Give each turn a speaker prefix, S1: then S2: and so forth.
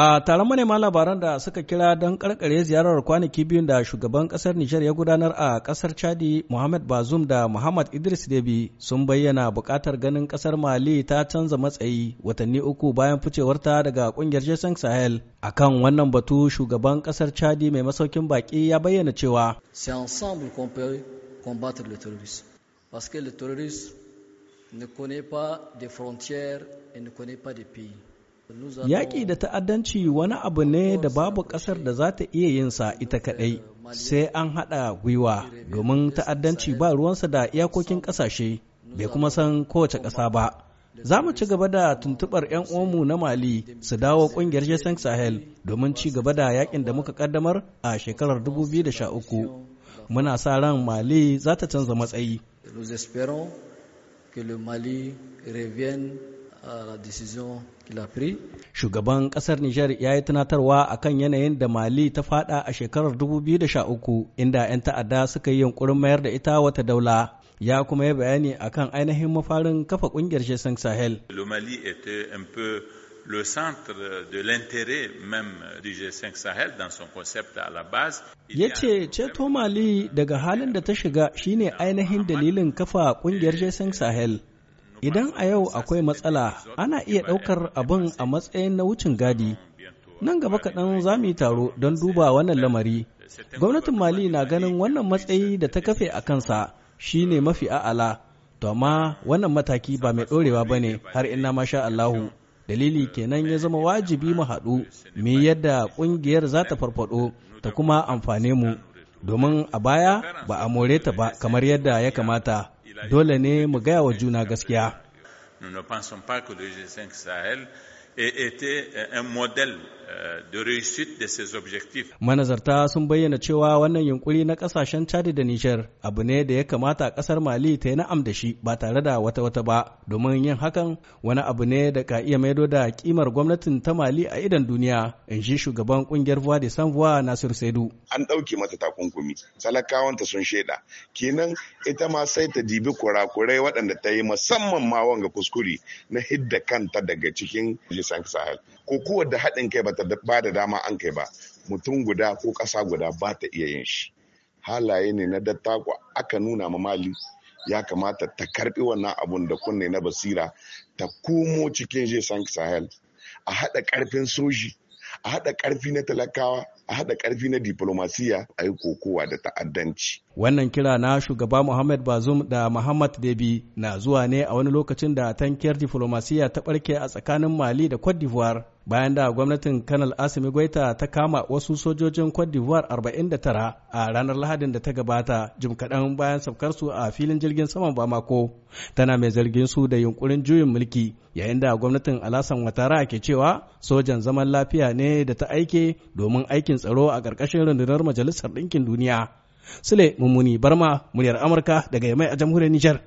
S1: A taron manema labaran da suka kira don karkare ziyarar kwanaki biyun da shugaban kasar Nijar ya gudanar a kasar Chadi Muhammad Bazoum da Muhammad Idris Debi sun bayyana bukatar ganin kasar Mali ta canza matsayi watanni uku bayan ficewarta daga kungiyar Jason Sahel. A kan wannan batu shugaban kasar Chadi mai masaukin baki ya bayyana cewa.
S2: de frontières et ne Yaƙi
S1: da ta'addanci wani abu ne da babu ƙasar da za ta iya yin sa ita kaɗai, sai an haɗa gwiwa domin ta'addanci ba ruwansa da iyakokin ƙasashe, bai kuma san kowace ƙasa ba. Za mu ci gaba da tuntuɓar 'yan omu na Mali su dawo ƙungiyar Jason Sahel domin ci gaba da yaƙin da muka ƙaddamar a shekarar 2013. Muna sa ran Mali za ta canza matsayi. Nous Shugaban kasar Nijar ya yi tunatarwa akan yanayin da Mali ta fada a shekarar 2013 inda 'yan ta'adda suka yi yunkurin mayar da ita wata daula. Ya kuma yi bayani a kan ainihin mafarin kafa kungiyar Shesan Sahel.
S3: Le centre de l'intérêt même du G5 Sahel dans son concept à la base.
S1: Ya ce ceto Mali daga halin da ta shiga shine ainihin dalilin kafa kungiyar G5 Sahel. Idan a yau akwai matsala ana iya ɗaukar abin a matsayin na wucin gadi. Nan gaba kaɗan za mu yi taro don duba wannan lamari. Gwamnatin Mali na ganin wannan matsayi da ta kafe a kansa shi ne mafi a'ala. To amma wannan mataki ba mai ɗorewa ba ne har ina masha Allahu. dalili kenan ya zama wajibi mu haɗu mu yadda ƙungiyar za ta farfaɗo ta kuma amfane mu domin a baya ba a more ta ba kamar yadda ya kamata
S3: dole ne mu
S1: gaya wa juna gaskiya.
S3: et était un modèle euh, de réussite de ses
S1: Manazarta sun bayyana cewa wannan yunkuri na kasashen Chad da Niger abu ne da ya kamata kasar Mali ta yi na'am da shi ba tare da wata wata ba domin yin hakan wani abu ne da ka iya maido da kimar gwamnatin ta Mali a idan duniya in ji shugaban kungiyar Voix de San Voix Nasir Saidu.
S3: An ɗauke mata takunkumi talakawanta sun sheda, kenan ita ma sai ta dibi kurakurai waɗanda ta yi musamman ma wanga kuskure na hidda kanta daga cikin san sahel ko kowar da haɗin kai ba ta ba da dama an kai ba mutum guda ko ƙasa guda ba ta iya yin shi halaye ne na dattako aka nuna ma mali ya kamata ta karbi wannan abun da kunne na basira ta komo cikin je san sahel a haɗa ƙarfin soji a haɗa ƙarfi na talakawa a haɗa ƙarfi na diplomasiya a yi kokowa da ta'addanci.
S1: Wannan kira na shugaba Muhammad Bazum da Muhammad Debi na zuwa ne a wani lokacin da tankiyar diplomasiya ta ɓarke a tsakanin Mali da Cote d'Ivoire. bayan da gwamnatin kanal asimi gwaita ta kama wasu sojojin cote d'ivoire 49 a ranar lahadin da ta gabata jim kaɗan bayan saukarsu a filin jirgin saman bamako tana mai zargin su da yunkurin juyin mulki yayin da gwamnatin alasan watara ke cewa sojan zaman lafiya ne da ta aike domin aikin tsaro a ƙarƙashin rundunar majalisar ɗinkin duniya sule mummuni barma muryar amurka daga yamai a jamhuriyar nijar